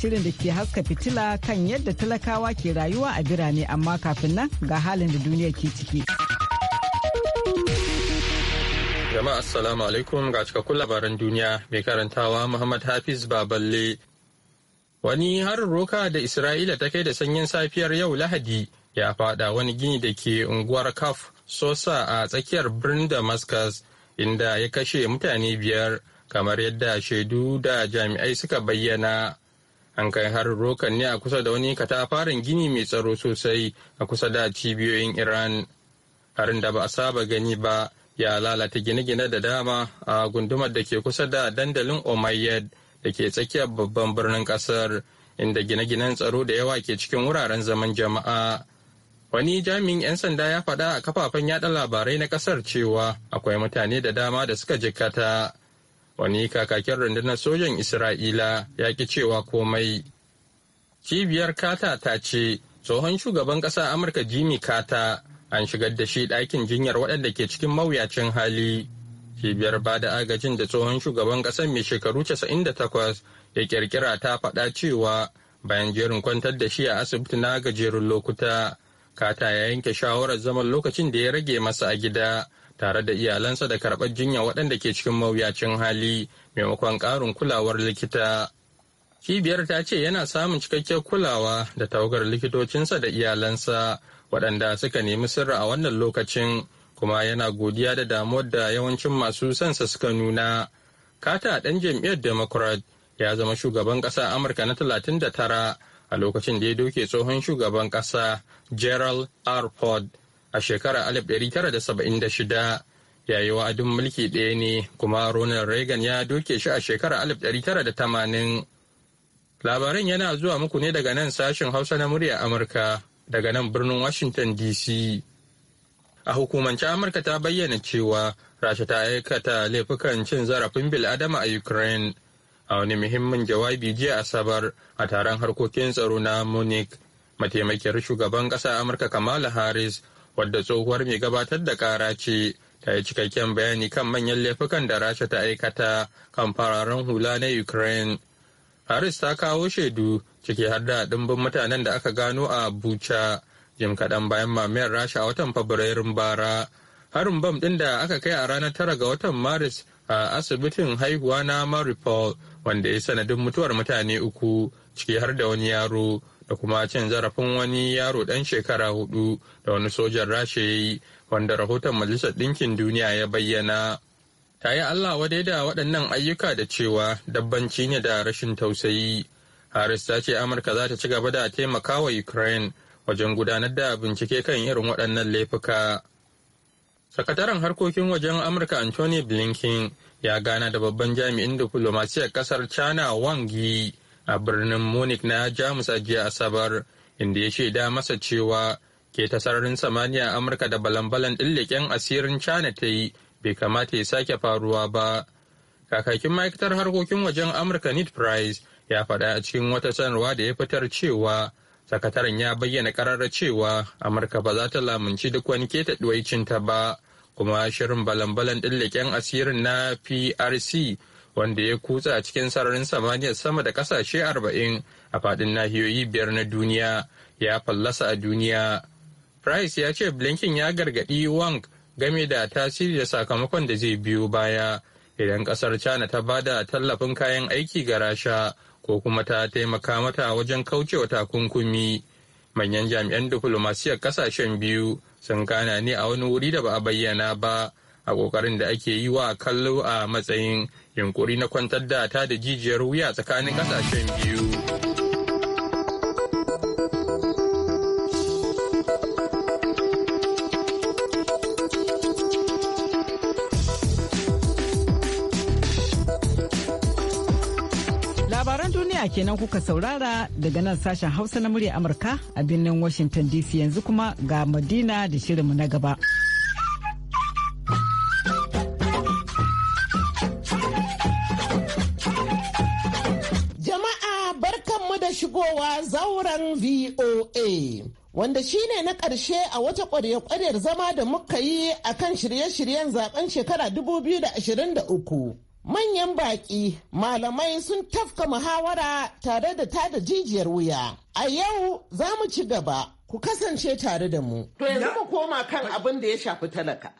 shirin da ke haska fitila kan yadda talakawa ke rayuwa a birane amma kafin nan ga halin da duniya ke ciki. Jama'a Assalamu alaikum ga cikakkun labaran duniya mai karantawa Muhammad Hafiz Baballe. Wani harin roka da Isra'ila ta kai da sanyin safiyar yau Lahadi ya fada wani gini da ke unguwar Kaf Sosa a tsakiyar birnin Damascus inda ya kashe mutane biyar kamar yadda shaidu da jami'ai suka bayyana. an kai harin rokan ne a kusa da wani katafaren gini mai tsaro sosai a kusa da cibiyoyin iran harin da ba a saba gani ba ya lalata gine-gine da dama a gundumar da ke kusa da dandalin omayyad da ke tsakiyar babban birnin kasar inda gine-ginen tsaro da yawa ke cikin wuraren zaman jama'a wani jami'in 'yan sanda ya faɗa a kafafen yada labarai na kasar cewa akwai mutane da dama da suka jikkata wani kakakin rundunar sojan isra'ila ya ki cewa komai cibiyar kata ta ce tsohon shugaban ƙasa amurka jimmy kata an shigar da shi ɗakin jinyar waɗanda ke cikin mawuyacin hali cibiyar ba da agajin da tsohon shugaban ƙasar mai shekaru 98 ya kirkira ta faɗa cewa bayan jerin kwantar da shi a asibiti na gajerun lokuta kata ya yanke shawarar zaman lokacin da ya rage masa a gida tare da iyalansa da karɓar jinya waɗanda ke cikin mawuyacin hali maimakon ƙarin kulawar likita. Cibiyar ta ce yana samun cikakkiyar kulawa da tawagar likitocinsa da iyalansa waɗanda suka nemi sirra a wannan lokacin kuma yana godiya da damuwar da yawancin masu sansa suka nuna. Kata ɗan jam'iyyar Democrat ya zama shugaban ƙasa Amurka na 39 a lokacin da ya doke tsohon shugaban ƙasa Gerald R. Ford a shekarar 1976 yayi wa'adin mulki ɗaya ne kuma Ronald Reagan ya doke shi a shekarar 1980. Labaran yana zuwa muku ne daga nan sashen Hausa na murya Amurka daga nan birnin Washington DC. A hukumance Amurka ta bayyana cewa Rasha ta aikata laifukan cin zarafin bil'adama a Ukraine. A wani muhimmin jawabi jiya Asabar a taron harkokin tsaro na Munich, mataimakiyar shugaban ƙasa Amurka Kamala Harris wadda tsohuwar mai gabatar da kara ce ta yi cikakken bayani kan manyan laifukan da rasha ta aikata kan fararen hula na ukraine haris ta kawo shaidu ciki har da dimbin mutanen da aka gano a bucha jim kaɗan bayan mamayar rasha a watan fabrairun bara harin bam ɗin da aka kai a ranar tara ga watan maris a asibitin haihuwa na maripol wanda ya sanadin mutuwar mutane uku ciki har da wani yaro da kuma cin zarafin wani yaro ɗan shekara hudu da wani sojan rasha ya yi wanda rahoton majalisar ɗinkin duniya ya bayyana ta yi allah wadai da waɗannan ayyuka da cewa dabbanci ne da rashin tausayi haris ta ce amurka za ta ci gaba da taimaka wa ukraine wajen gudanar da bincike kan irin waɗannan laifuka sakataren harkokin wajen amurka antony blinken ya gana da babban jami'in diflomasiyar kasar china wang yi a birnin munich na jamus a jiya asabar inda ya shaida masa cewa ke ta sararin samaniya amurka da balan ɗin leƙen asirin china ta yi bai kamata ya sake faruwa ba kakakin ma'aikatar harkokin wajen amurka nit price ya faɗa a cikin wata sanarwa da ya fitar cewa sakataren ya bayyana karara cewa amurka ba za ta lamunci duk wani keta ta ba kuma shirin balan-balan ɗin leƙen asirin na prc wanda ya kutsa a cikin sararin samaniyar sama da kasashe arba'in a fadin nahiyoyi biyar na duniya ya fallasa a duniya price ya ce blinken ya gargadi wang game da tasiri da sakamakon da zai biyo baya idan kasar china ta bada tallafin kayan aiki ga rasha ko kuma ta taimaka mata wajen kaucewa takunkumi manyan jami'an diflomasiyar kasashen biyu sun gana ne a wani wuri da ba a bayyana ba a ƙoƙarin da ake yi wa kallo a matsayin yunkuri na kwantar da ta da jijiyar wuya tsakanin ƙasashen biyu. Labaran duniya kenan kuka saurara daga nan sashen hausa na murya amurka a birnin washington dc yanzu kuma ga madina da shirinmu na gaba. a zauren VOA. Wanda shi ne na ƙarshe a wata ƙwarya-ƙwaryar zama da muka yi a kan shirye-shiryen zaben shekara 2023. Manyan baƙi malamai sun tafka muhawara tare da tada jijiyar wuya. A yau za mu ci gaba ku kasance tare da mu. To yanzu mu koma kan abin da ya shafi talaka.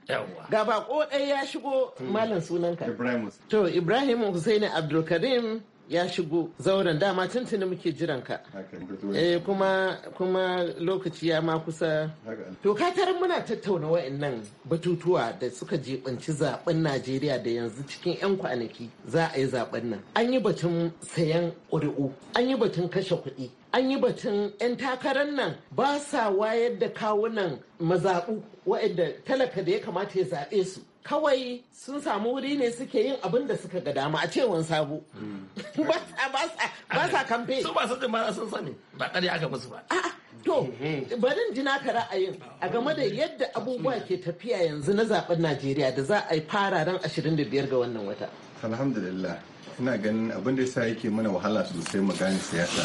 Ga bako ɗaya ya shigo malam sunanka. Ibrahim. To Ibrahim Hussaini Abdulkarim ya shigo zauren dama tuntuni muke jiran ka eh kuma kuma lokaci ya ma kusa to ka tarin muna tattauna wa'annan batutuwa da suka jibanci zaben Najeriya da yanzu cikin 'yan kwanaki za a yi zaben nan an yi batun sayan ƙuri'u an yi batun kashe kuɗi an yi batun 'yan takarar nan ba sa wayar da kawunan mazaɓu waɗanda talaka da ya kamata ya zaɓe su kawai sun samu wuri ne suke yin abin da suka ga dama a cewan sabo hmm. ba sa kamfe su ba su ba sun sani ba ƙarya aka musu ba To, eh, eh. barin ji ka ra'ayin a game da yadda abubuwa ke tafiya yanzu na zaɓen Najeriya da za a yi fara ran 25 ga wannan wata. Alhamdulillah. ina ganin abin da yasa yake mana wahala sosai mu gane siyasa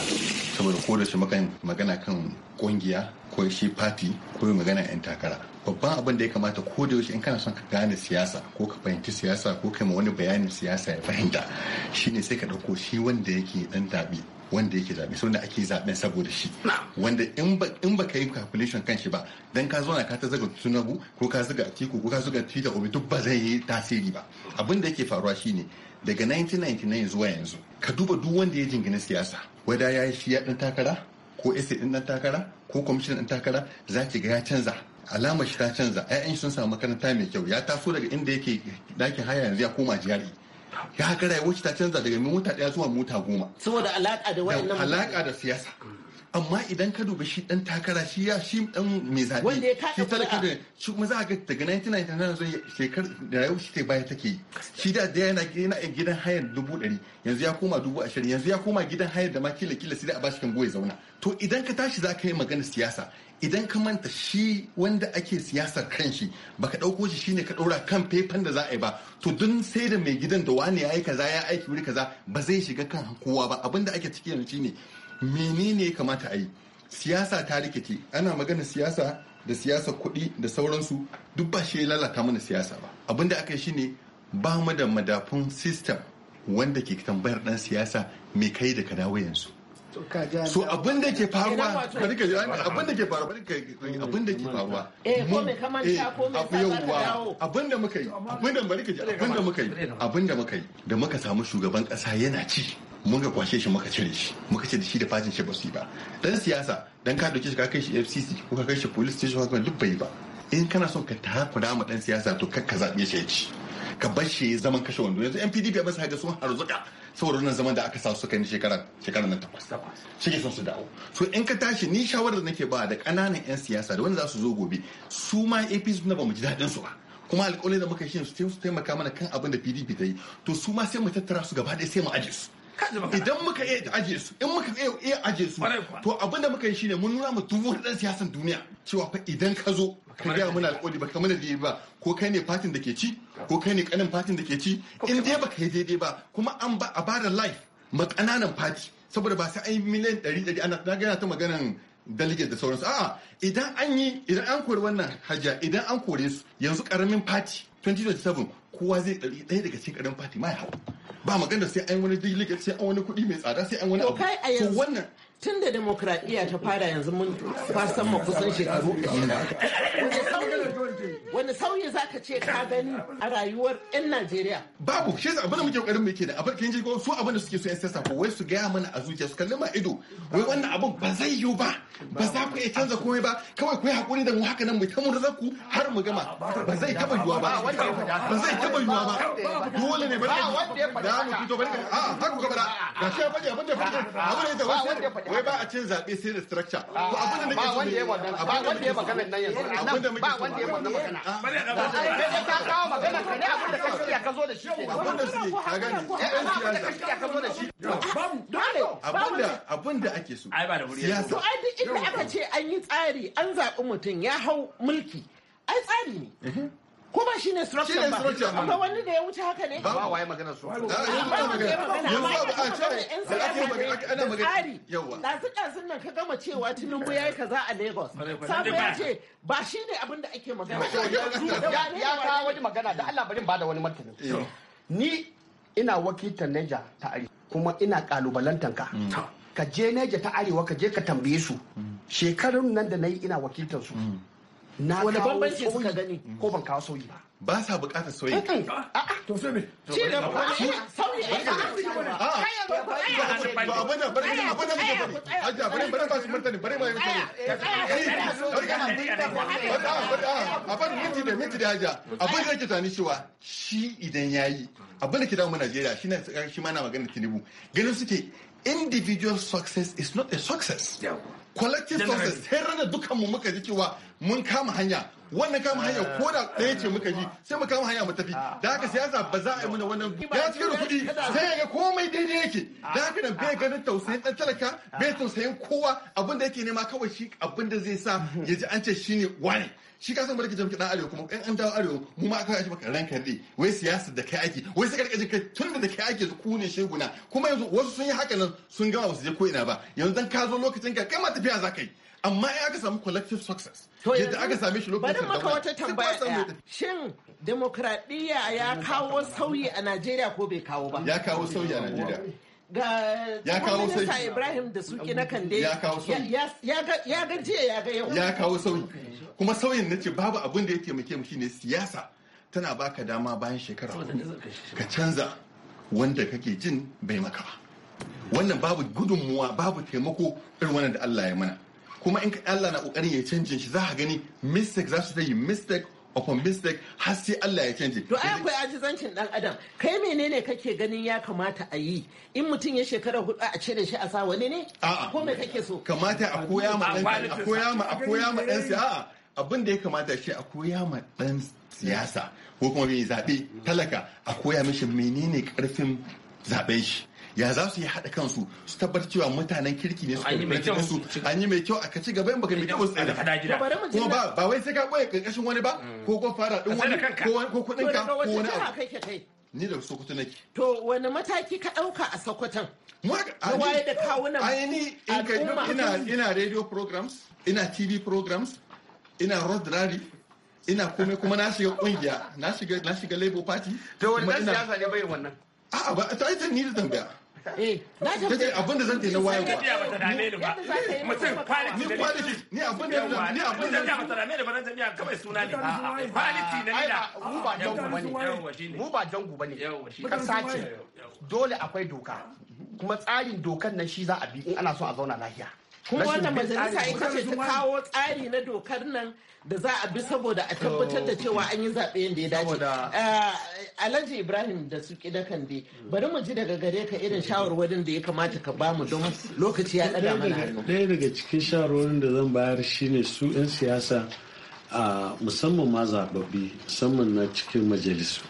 saboda ko da shi magana kan kungiya ko shi fati ko magana yan takara babban abin da ya kamata ko da yaushe in kana son ka gane siyasa ko ka fahimci siyasa ko kai ma wani bayanin siyasa ya fahimta shine sai ka ɗauko shi wanda yake ɗan dabi wanda yake zaɓe sau ne ake zaɓen saboda shi wanda in ba ka yi calculation kan shi ba dan ka zauna ka ta zaga tunabu ko ka zaga atiku ko ka zaga twitter ko duk ba zai yi tasiri ba abin da yake faruwa shine daga 1999 zuwa yanzu ka duba duk wanda ya jingina siyasa wada ya yi shi ya dan takara ko ese ɗin dan takara ko kwamishin ɗin takara za ki ga ya canza alamar shi ta canza 'ya'yan sun samu makaranta mai kyau ya taso daga inda yake ɗakin haya yanzu ya koma jihar ya ga rayuwar ta canza daga mota ɗaya zuwa mota goma saboda alaka da wayannan alaka da siyasa amma idan ka duba shi dan takara shi ya shi dan mai zaɓe wanda ya kada talaka da shi kuma za ga daga 1999 zo shekar da shi baya take shi da da yana yana gidan hayar dubu ɗari yanzu ya koma dubu ashirin yanzu ya koma gidan hayar da ma kila kila sai da a bashi kan goye zauna to idan ka tashi za ka yi magana siyasa idan ka manta shi wanda ake siyasar kan shi baka ɗauko shi shine ka ɗora kan fefan da za a yi ba to dun sai da mai gidan da wani ya yi kaza ya aiki wuri kaza ba zai shiga kan kowa ba abinda ake ciki yanzu shine menene ya kamata a yi siyasa ta rikice ana magana siyasa da siyasa kuɗi da sauransu duk ba shi lalata mana siyasa ba abin da aka yi shine ba mu da madafun system wanda ke tambayar dan siyasa me kai da ka yanzu so abin da ke faruwa bari ka abin da ke faruwa bari eh, ka abin da ke faruwa mun abu yawwa abin da muka yi abin da bari abin da muka yi abin da muka yi da muka samu shugaban kasa yana ci mun ga kwashe shi muka cire shi muka ce da shi da fajin shi ba su yi ba dan siyasa dan ka dauke shi ka kai shi FCC ko ka kai shi police station ko duk bai ba in kana son ka takura ma dan siyasa to kar ka zabe shi ci ka bar shi zaman kashe wando yanzu NPDP PDP ba su haga sun harzuka saboda wannan zaman da aka sa su ni shekara shekara nan takwas shi ke son su dawo so in ka tashi ni shawarar da nake ba da kananan yan siyasa da wanda za su zo gobe su ma APC na ba mu ji dadin su ba kuma alƙawarin da muka shi su taimaka mana kan abin da PDP ta yi to su ma sai mu tattara su gaba ɗaya sai mu aje su idan muka iya ajiye su in muka iya ajiye su to abin da muka yi shine mun nuna mu duk wani dan siyasan duniya cewa fa idan ka zo ka gaya mana alƙawari baka mana daidai ba ko kai ne fatin da ke ci ko kai ne kanin fatin da ke ci in dai baka yi daidai ba kuma an ba a bada life ma ƙananan fati saboda ba sai an yi miliyan ɗari ɗari ana gana ta maganan dalige da sauransu a'a idan an yi idan an kori wannan hajiya idan an kore su yanzu karamin fati 2027 kowa zai ɗari ɗaya daga cikin karamin fati ma ya hau ba magana sai an wani digili sai an wani kuɗi mai tsada sai an wani abu to wannan tun da demokradiyya ta fara yanzu mun fasan ma kusan shekaru wani sauyi za ka ce ka gani a rayuwar 'yan najeriya babu shi abin da muke kokarin muke da abin kin ji ko su abin da suke so 'yan siyasa ko wai su gaya mana a zuciya su kalli ma ido wai wannan abin ba zai yiwu ba ba za ku iya canza komai ba kawai ku yi hakuri da mu haka nan mu ta murza ku har mu gama ba zai taba yiwuwa ba ba zai taba yiwuwa ba dole ne ba da mu fito ba a haka gaba da ga shi abin da abin da ya wai ba a cin zaɓe sai da structure to ah, abin da nake ba wanda ya wannan ba wanda ya magana nan yanzu ba wanda ya wannan magana ba sai ka kawo magana ka ne abin da ka shirya ka zo da shi abin da suke ka gani ɗan siyasa ka zo da shi dole abin da abin da ake so ai ba da wuri to ai duk inda aka ce an yi tsari an zaɓi mutum ya hau mulki ai tsari ne kuma shi ne structure ba akwai wani da ya wuce haka ne ba waye magana structure ba wanda ya magana yanzu ba a da ake magana ana magana tsari dazu dazun nan ka gama cewa tinubu yayi kaza a lagos sabu ya ce ba shi ne abin da ake magana ya kawo wani magana da Allah bari ba da wani martani ni ina wakiltar neja ta ari. kuma ina kalubalantanka mm. ka je neja ta arewa ka je ka tambaye su mm. shekarun nan da na yi ina wakiltar su mm. na wani bambanci suka gani ko ban kawo sauyi ba ba sa bukatar sauyi to sai me shi ne sauyi abana bare ne abana ne bari ba yi A miti da miti da cewa shi idan yayi abin A ke damu Najeriya shi ne shi ma na magana Tinubu ganin suke individual success is not a success collective success sai ranar dukkan muka ji cewa mun kama hanya wannan kama hanya ah. ko da ɗaya ce muka ji sai mu kama hanya mu tafi ah. da haka siyasa ba za a yi mana wannan ya cikin da kuɗi sai ya komai daidai yake ah. da haka nan bai ganin tausayin ɗan talaka bai tausayin kowa abin da yake nema kawai shi abin da zai sa ya ji an ce shi ne wani shi ka san barka jam'iyyar arewa kuma in an dawo arewa mu ma aka yi maka ran dai wai siyasa da kai ake wai sai karkashin kai tun da kai ake su kune sheguna kuma yanzu wasu sun yi haka nan sun gama su je ko ina ba yanzu dan ka zo lokacin ka kai ma tafiya za ka yi amma ya aka samu collective success yadda aka same shi lokacin da maka wata tambaya ɗaya shin demokradiyya ya kawo sauyi a najeriya ko bai kawo ba ya kawo sauyi a najeriya ga ya kawo sauyi ibrahim da na ya kawo sauyi ya ga jiya ya ga yau ya kawo sauyi kuma sauyin na ce babu abin da ya taimake mu shine siyasa tana baka dama bayan shekara ka canza wanda kake jin bai maka ba wannan babu gudunmuwa babu taimako irin wannan da Allah ya mana kuma in Allah na kokarin ya canje shi za ka gani mistake za su ta yi mistake upon mistake har sai Allah ya canje. To ai akwai ajizancin dan adam kai menene kake ganin ya kamata a yi in mutum ya shekara hudu a cire shi a sa wani ne? Ko me kake so? Kamata a koya ma dan a koya ma a koya ma dan a abin da ya kamata shi a koya ma dan siyasa ko kuma mai zabe talaka a koya mishi menene karfin zaben shi. ya za su yi haɗa kansu su tabbatar cewa mutanen kirki ne su kuma su an yi mai kyau a kaci gaba yin baka mai kyau tsaye kuma ba ba wai sai ka boye ƙarƙashin wani ba ko ko fara din wani ko kuɗin ka ko wani abu ni da sokoto nake to wani mataki ka ɗauka a sokoton waye da kawunan ka ina ina radio programs ina tv programs ina road rally ina kuma kuma na shiga kungiya na shiga na shiga labor party to wani dan siyasa ne bai wannan a'a ba ta yi ni da tambaya Eh, n'a Kace abin da zan ta na waye ba. Mutum kwaliti ne. Ni abin da ni abin da ba ta dame ni ba nan jami'a kawai suna ne. Kwaliti ne da. Mu ba jangu bane. Mu ba jangu bane. Kasa ce. Dole akwai doka. Kuma tsarin dokan nan shi za a bi in ana so a zauna lafiya. kuma wannan majalisa ita ce ta kawo tsari na dokar nan da za a bi saboda a tabbatar da cewa an yi zaɓe yadda ya dace. Eh, Alhaji Ibrahim da su ki dakan dai bari mu ji daga gare ka irin shawarwarin da ya kamata ka bamu don lokaci ya ɗaga mana hannu. Ɗaya daga cikin shawarwarin da zan bayar shine su 'yan siyasa a musamman ma zababbi musamman na cikin majalisu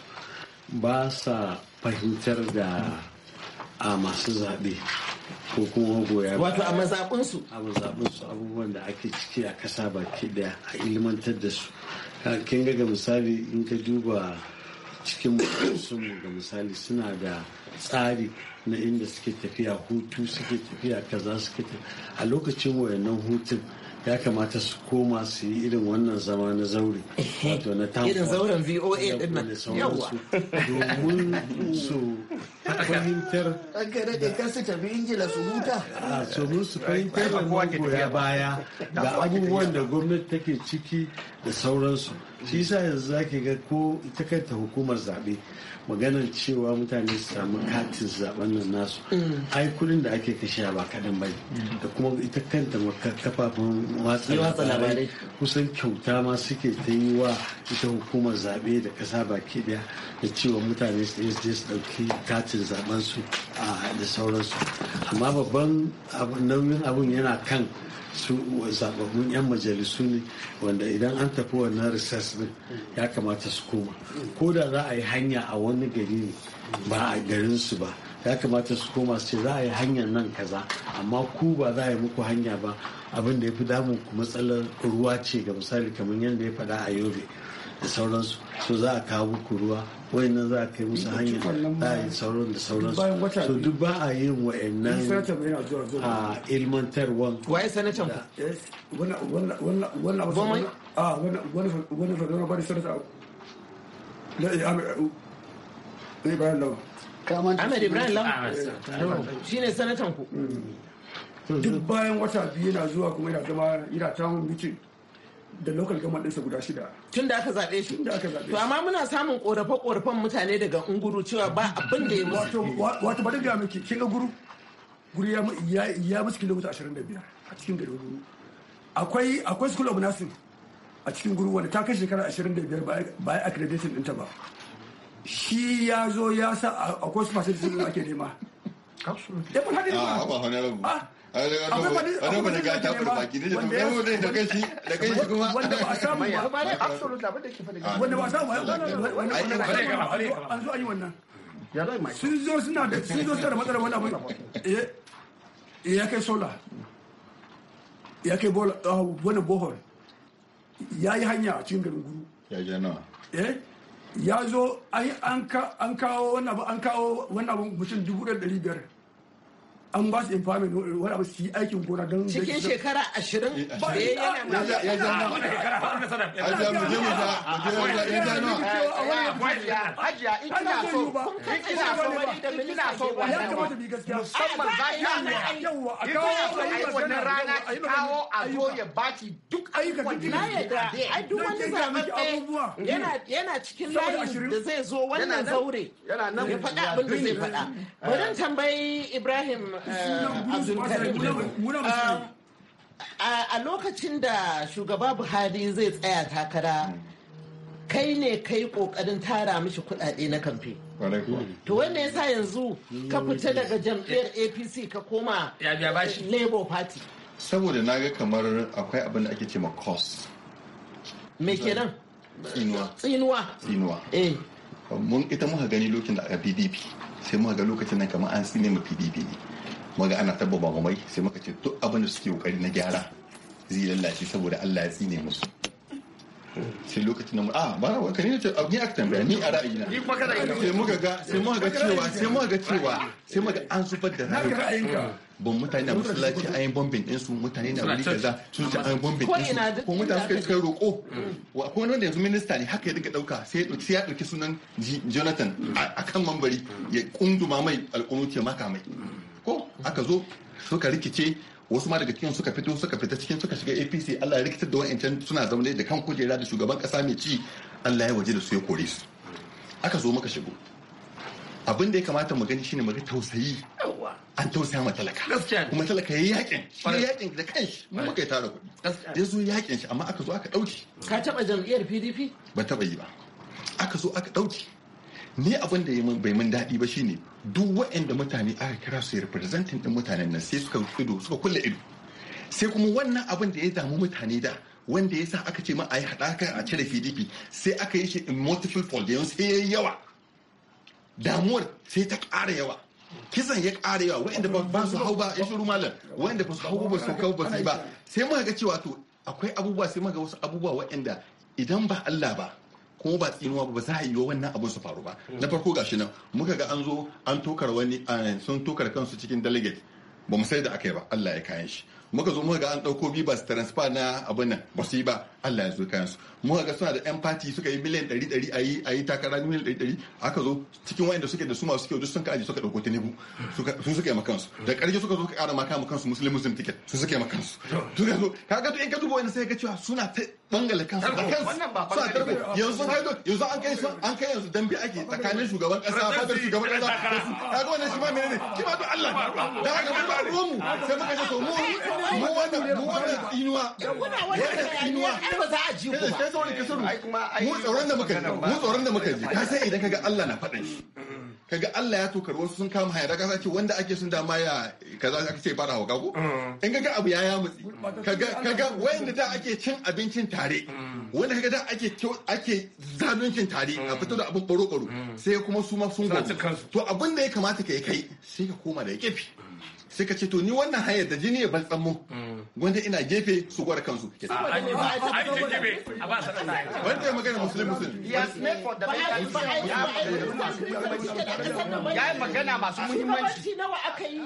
ba sa fahimtar da a masu zaɓe. ko kuma goya wato a mazaɓin su a mazaɓin su abubuwan da ake ciki a kasa baki daya a ilmantar da su kin ga misali in ka duba cikin sun ga misali suna da tsari na inda suke tafiya hutu suke tafiya kaza suke tafiya a lokacin wayannan hutun ya kamata su koma su yi irin wannan zama na zaure wato na tamfa irin zauren voa din nan yawa domin su fahimtar ɗaga da kan su tafi ingila su huta domin ah, su fahimtar da magoya baya da abubuwan da gwamnati take ciki da sauransu shi sa yanzu zaki ga ko ita kanta hukumar zaɓe maganar cewa mutane su samu katin zaben nan nasu mm. ai kudin da ake kashe ba kaɗan bai. Mm. da kuma ita kanta kafafen watsa labarai kusan kyauta ma suke ta yi wa ita hukumar zaɓe da ƙasa baki ɗaya da cewa mutane su je su ɗauki katin zaben su da sauransu amma babban nauyin abun yana kan su zababbun 'yan majalisu ne wanda idan an tafi wannan research din ya kamata su koma ko da za a yi hanya a wani gari ne ba a garin su ba ya kamata su koma su ce za a yi hanyar nan kaza amma ku ba za a yi muku hanya ba abin da ya fi damun ku matsalar ruwa ce ga misali kamar yadda ya faɗa a yobe da sauransu so za a kawo muku ruwa wayannan za a kai musu hanyar da a yi sauran da sauransu so duk ba a yin wayannan a ilmantarwan sanatan ku Duk bayan wata biyu yana zuwa kuma yana zama yana tawon mutum da local gama ɗinsa guda shida. Tun da aka zaɓe shi? Tun da aka zaɓe To amma muna samun ƙorafe-ƙorafen mutane daga unguru cewa ba abin da ya musu. Wato wato ba daga miki kin ga guru? Guru ya ya musu kilomita ashirin da a cikin garin guru. Akwai akwai school of nursing a cikin guru wanda ta kai shekara ashirin da ba accreditation ɗinta ba. Shi ya zo ya sa akwai su masu ake nema. Absolutely. Ah, ba Ano da gata fur baki ne da dogaro ne da kai shi da kai shi kuma. Wanda ba a samu ba ba absolute abin da ke faɗi. Ah. Wanda ba a samu ba ba an zo an yi wannan. Sun zo suna da sun zo suna da matsalar wani abu. Eh, eh, ya kai sola. Ya kai ah, wani bohol. Ya yi hanya a cikin garin guru. Ya je nawa. Eh? Ya zo an kawo wannan abin mutum dubu da ɗari biyar. an ba su empowerment wani abu su yi aikin gona don cikin shekara ashirin ba ya yana ya ya ya ya a a ya duk na ai duk wani yana yana cikin layin da zai zo wannan zaure ya faɗa abin da zai faɗa bari tambayi Ibrahim a lokacin da shugaba buhari zai tsaya takara kai ne kai kokarin tara mishi kudade na kamfe to wanda yasa yanzu ka fita daga jam'iyyar apc ka koma labour party saboda na ga kamar akwai abin da ake ce ma cost me kenan tsinuwa tsinuwa tsinuwa eh mun ita muka gani lokacin da a pdp sai muka ga lokacin nan kamar an tsine ma pdp ne muga ana tabba magumai sai muka ce duk abin da suke kokari na gyara zai lallace saboda Allah ya tsine musu sai lokacin mu ah, a ba na kare ce ni aka tambaya ni a ra'ayina sai muka ga sai muka ga cewa sai muka ga cewa sai muka an zubar da ra'ayinka bon mutane na masallaci an yi bombin din su mutane na wuri kaza sun ce an yi bombin din su ko mutane suka suka roko wa ko wanda yanzu minista ne haka ya dinga dauka sai ya dauki sunan Jonathan a kan mambari ya kunduma mai alƙunuti makamai aka zo suka rikice wasu ma daga cikin suka fito suka fita cikin suka shiga apc allah ya rikitar da wa'ancan suna zaune da kan kujera da shugaban kasa mai ci allah ya waje da su ya kore su aka zo maka shigo abin da ya kamata mu gani shine mu ga tausayi an tausaya ma talaka kuma talaka yayi yakin shi yakin da kanshi mu kai yi tara kuɗi ya zo yakin shi amma aka zo aka ɗauki ka taɓa jam'iyyar pdp ba taɓa yi ba aka zo aka ɗauki ni abin da bai mun daɗi ba shine duk waɗanda mutane aka kira su representing din mutanen nan sai suka ido suka kulle ido sai kuma wannan abin da ya damu mutane da wanda ya sa aka ce ma a yi haɗaka a cire pdp sai aka yi shi in multiple foldiyon sai ya yi yawa damuwar sai ta ƙara yawa kisan ya ƙara yawa waɗanda ba su hau ba ya shuru malam ba su hau ba su kau ba su ba sai muka ga cewa to akwai abubuwa sai muka wasu abubuwa waɗanda idan ba Allah ba ko ba tsinuwa ba za a yi wannan abun su faru ba hmm. na farko gashi nan muka ga an zo an tokar wani sun tokar kansu cikin delegate ba mu sai da aka yi ba Allah ya kayan shi muka zo muka ga an dauko bi bas transfer na abin nan ba su yi ba Allah ya zo kayan su muka ga suna da yan suka yi miliyan 100 ɗari a yi a yi takara miliyan 100 aka zo cikin wa'anda suke da su masu kyau duk sun kaji suka ɗauko tinubu su suka yi ma kansu da ƙarshe suka zo ka kara maka kama kansu muslim muslim ticket su suka yi ma kansu suka zo kaga to in ka duba wani sai ka cewa suna ta bangale kansu da kansu su a yanzu kai yanzu an kai su an kai yanzu dambe ake tsakanin shugaban kasa fadar shugaban kasa da su kaga wannan shi ma menene shi ma don Allah da haka mu ba ruwan mu sai muka ce to mu mu wannan mu wannan inuwa wannan inuwa ba za a ji ku ba sai zo ne suru mu tsoron da muka ji mu tsoron da muka ji ka sai idan ka ga Allah na faɗan shi kaga Allah ya tokar wasu sun kama haya da kasa ce wanda ake sun dama ya kaza aka ce fara hauka ko mm. in kaga abu ya ya mutsi kaga kaga wayanda da ake cin abincin tare wanda kaga da ake ake zaluncin tare a fito da abin baro baro sai kuma su ma sun to abin da ya kamata ka yi kai sai ka koma da gefe sai ka ce to ni wannan hanyar da jini ya bar tsammo wanda ina gefe su gwara kansu ke wanda ya magana musulmi musulmi ya yi magana masu muhimmanci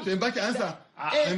sai baki ansa Eh,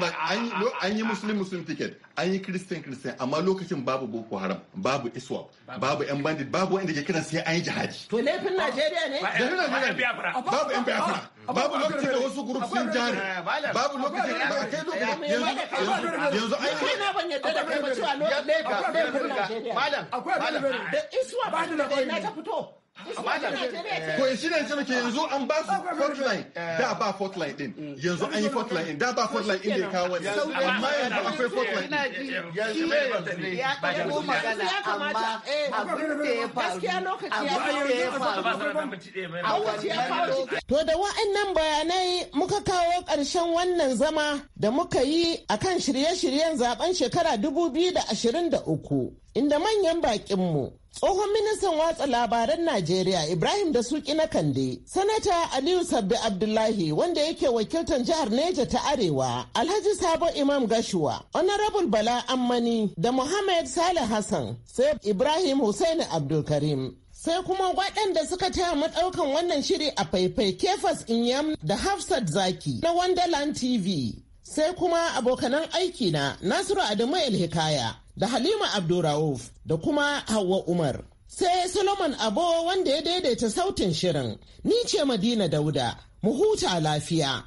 an yi musulun musulun ticket an yi kristin kristin amma lokacin babu boko haram babu iswa babu yan bandit babu wanda ke kiran sai an yi jihadi to laifin najeriya ne eh, laifin najeriya babu yan biafra babu lokacin da wasu group sun jari babu lokacin da ba kai lokacin yanzu yi kai na ban yadda da kai ba cewa laifin najeriya malam akwai da iswa ba da na ta fito Eh, ko shi ne ce muke yanzu an ba su fortline da ba fortline din yanzu an yi fortline din da ba fortline din bai kawo wani eh, amma yanzu akwai fortline din ya kawo magana amma abin da ya faru abin da ya faru to da wa'annan bayanai muka kawo ƙarshen wannan zama da muka yi akan shirye-shiryen zaben shekara 2023 inda manyan bakinmu tsohon ministan watsa labaran najeriya ibrahim da suki na kande sanata aliyu sabbi abdullahi wanda yake wakiltar jihar neja ta arewa alhaji sabo imam gashuwa honorable bala ammani da muhammad salih hassan sai ibrahim hussein abdulkarim sai kuma waɗanda suka taya maɗaukan wannan shiri a faifai kefas inyam da hafsat zaki na wonderland tv sai kuma abokanan aiki na Nasiru Adamu Hikaya da Halima Abdurrauf da kuma Hauwa Umar. Sai Solomon Abo wanda ya daidaita sautin shirin, ni ce Madina Dauda, mu huta lafiya.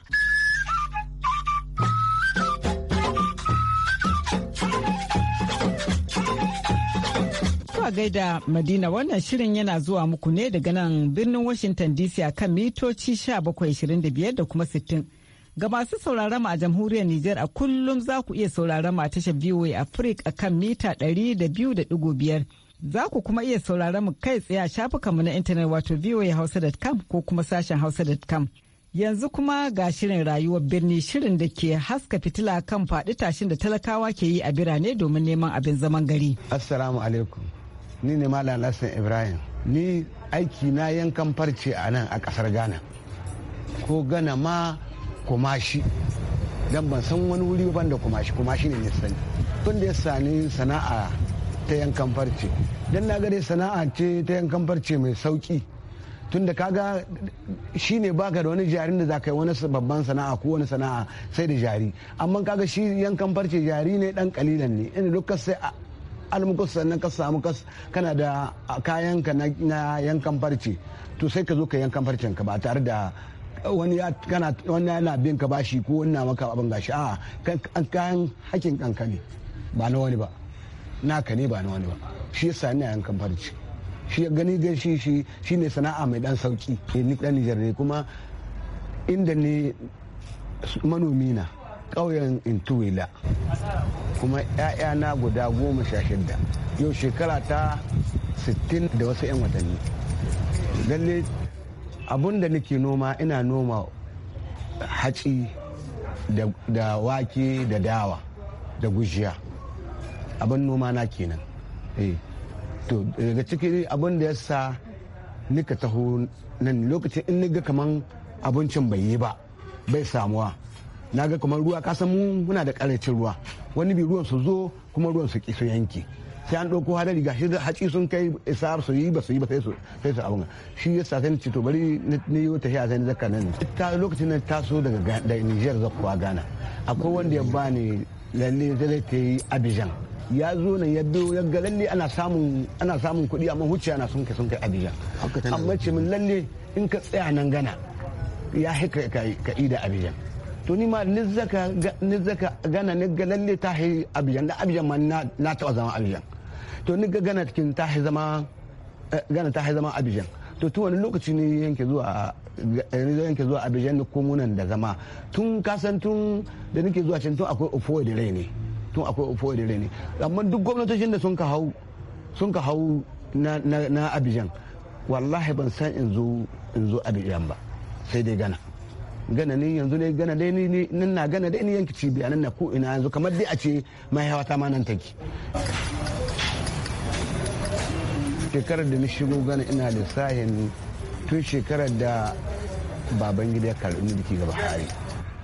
zuwa gaida Madina wannan shirin yana zuwa muku ne daga nan birnin Washington DC a kan mitoci 1725 da kuma 60. Ga masu sauraron mu a jamhuriyar Nijar a kullum za ku iya sauraron mu a tashar VOA Africa kan mita ɗari da da biyu 200.5. Za ku kuma iya sauraron mu kai tsaye a shafukanmu na intanet wato voahausa.com ko kuma sashen hausa.com. Yanzu kuma ga shirin rayuwar birni shirin da ke haska fitila kan faɗi tashin da talakawa ke yi a birane domin neman abin zaman gari. Assalamu alaikum. Ni ne Malam Hassan Ibrahim. Ni aiki na yankan farce a nan a kasar Ghana. Ko Ghana ma kumashi don ban san wani wuri ban da kumashi kumashi ne ne sani tun da ya sani sana'a ta yankan farce don na gare sana'a ce ta yankan farce mai sauki tun da kaga shi ne baka da wani jarin da za ka yi wani babban sana'a ko wani sana'a sai da jari amma kaga shi yankan farce jari ne dan kalilan ne inda duk sai almukus sannan ka samu kas kana da kayanka na yankan farce to sai ka zo ka yankan farcen ka ba tare da wani yana bin ka bashi ko wani na maka abin gashi a kayan hakin kanka ne ba na wani ba ka ne ba na wani ba shi yasa ina yankan farci shi ya gani gan shi shi ne sana'a mai dan sauki ni dan Nijar ne kuma inda ne manomi na ƙauyen intuwila kuma na guda goma sha shida yau shekara ta 60 da wasu 'yan watanni lalle abun da nake noma ina noma hatsi da wake da dawa da gujiya abin noma na kenan eh. to daga ciki abin da ya sa nika taho nan lokacin in ga kaman abincin bai yi ba bai samuwa na ga kamar ruwa kasan mu muna da karancin ruwa wani bi ruwan su zo kuma ruwan su ki su yanke sai an ɗauko hadari ga shi haƙi sun kai isa su yi ba su yi ba sai su sai su shi ya sa sai ce bari ni yi ta shi sai ni nan ta lokacin nan taso daga da Niger kuwa Ghana akwai wanda ya bani lalle zai ta yi Abidjan ya zo nan ya biyo ya ga lalle ana samun ana samun kuɗi amma huce na sun kai sun kai Abidjan amma ce min lalle in ka tsaya nan Ghana ya hika ka da Abidjan to ni ma ni zaka gana ni ga lalle ta hi abijan da abijan ma na taba zama abijan to ni ga gana cikin zama eh, gana ta zama abijan to tun wani lokaci ne yanke zuwa eh, yanke zuwa abijan ko munan da zama tun kasan tun da nake zuwa can tun akwai ofo da rai ne tun akwai ofo da rai ne amma duk gwamnatocin da sun ka hau sun ka hau na abijan wallahi ban san in zo in zo abijan ba sai dai gana gana ne yanzu ne gana dai ni nan na gana dai ni yanki cibiya nan na ko ina yanzu kamar dai a ce mai hawa ta ma nan take shekarar da na shigo gana ina lissahin tun shekarar da baban gida ya karɓi mulki ga hari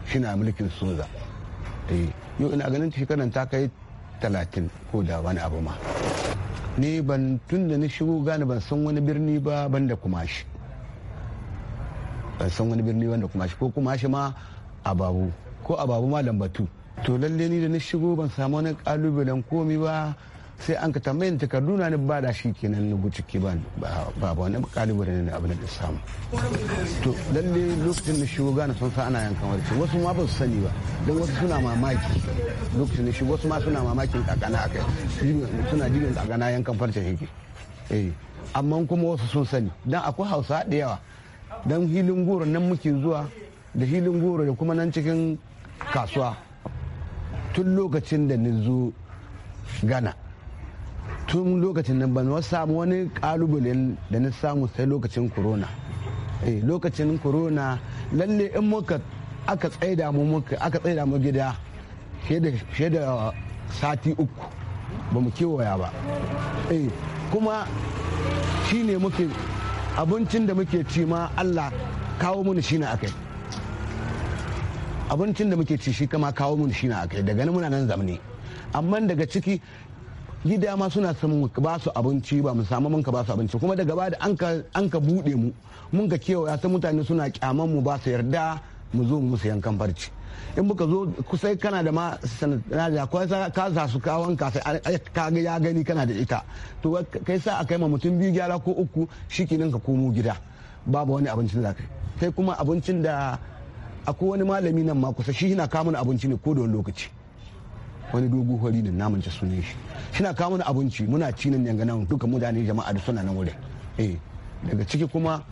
shi na mulkin soza eh, yau ina ganin shekarar ta kai talatin ko da wani abu ma ni ban tun da na shigo gane ban san wani birni ba ban da kumashi ban san wani birni ban da kumashi ko kumashi ma ababu ko ababu ma lambatu to lalle ni da na shigo ban samu wani kalubalen komi ba sai an ka tambayin takarduna ni ba da shi kenan na ciki ba ba wani kalibare ne abin da samu to lalle lokacin da shigo gane sun sa ana yankan warke wasu ma ba su sani ba don wasu suna mamaki lokacin da shigo wasu ma suna mamakin kakana a kai suna jirgin kakana yankan farce yake eh, amma kuma wasu sun sani don akwai hausa da yawa don hilin goro nan muke zuwa da hilin goro da kuma nan cikin kasuwa tun lokacin da ni zo gana tun lokacin nan ban samu wani kalubale da na samu sai lokacin corona eh lokacin corona lalle in muka aka tsaida mu muka aka tsaida mu gida fiye da sati uku ba mu kewaya ba eh kuma shine muke abincin da muke ci ma Allah kawo mana na akai abincin da muke ci shi kama kawo mun shi na akai daga nan muna nan zamani amma daga ciki gida ma suna son ba su abinci ba mu samu mun ka ba su abinci kuma daga bada an ka buɗe mu mun ka ya san mutane suna kyaman mu ba su yarda mu zo mu sayan kan barci in muka zo kusai kana da ma sanadariya ko ka za su kawon ka sai ka ga ya gani kana da ita to kai sa a kai ma mutum biyu gyara ko uku shikenan ka komo gida babu wani abincin da kai sai kuma abincin da akwai wani malami nan ma kusa shi na kamun abinci ne ko da wani lokaci wani dogo hori da namun ta sunan shi na kawo mana abinci muna ci nan yanga nan duka mutane jama'a da suna nan wurin eh daga ciki kuma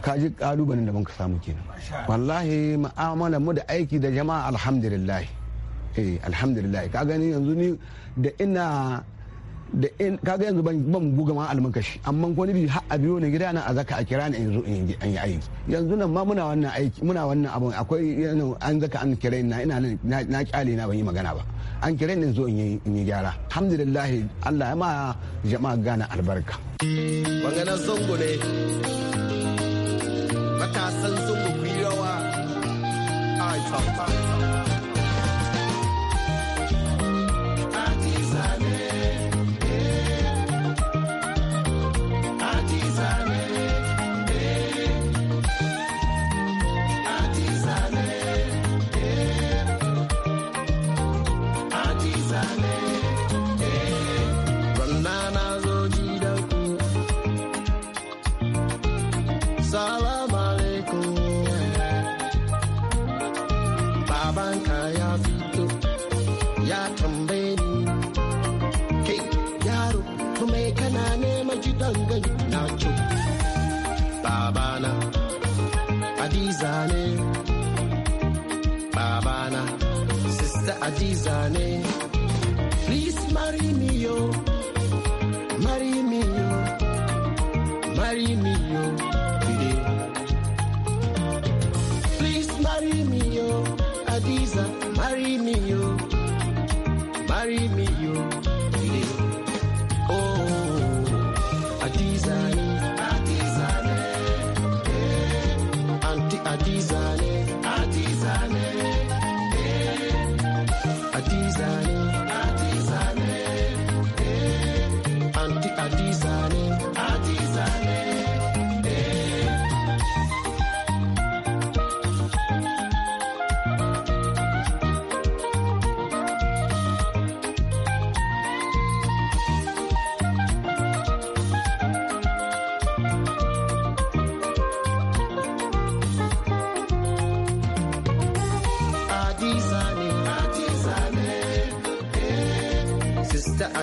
ka ji kalubalen da muka samu kenan wallahi mu'amalar mu da aiki da jama'a alhamdulillah eh alhamdulillah ka gani yanzu ni da ina da in kaga yanzu ban ban guga ma kashi amma ko ni har a biyo ne gida na a zaka a kira ni in in yi aiki yanzu nan ma muna wannan aiki muna wannan abun akwai an zaka an kira ni ina nan na kyale na ban yi magana ba an kira ni in yi in yi gyara alhamdulillah Allah ya ma jama'a gana albarka magana zango ne matasan zango ku rawa a Please marry me, yo. Oh.